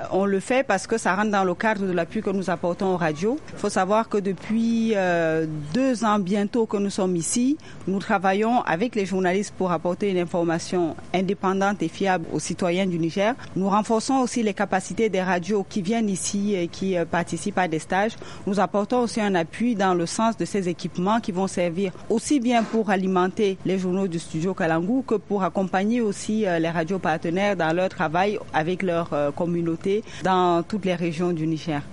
Euh, on le fait parce que ça rentre dans le cadre de l'appui que nous apportons aux radios. Il faut savoir que depuis euh, deux ans bientôt que nous sommes ici, nous travaillons avec les journalistes pour apporter une information indépendante et fiable aux citoyens du Niger. Nous renforçons aussi les capacités des radios qui viennent ici et qui euh, participent à des stages. Nous apportons aussi un appui dans le sens de ces équipements qui vont servir aussi bien pour alimenter les journaux du studio Kalangou que pour accompagner aussi les radios partenaires dans leur travail avec leur communauté dans toutes les régions du Niger.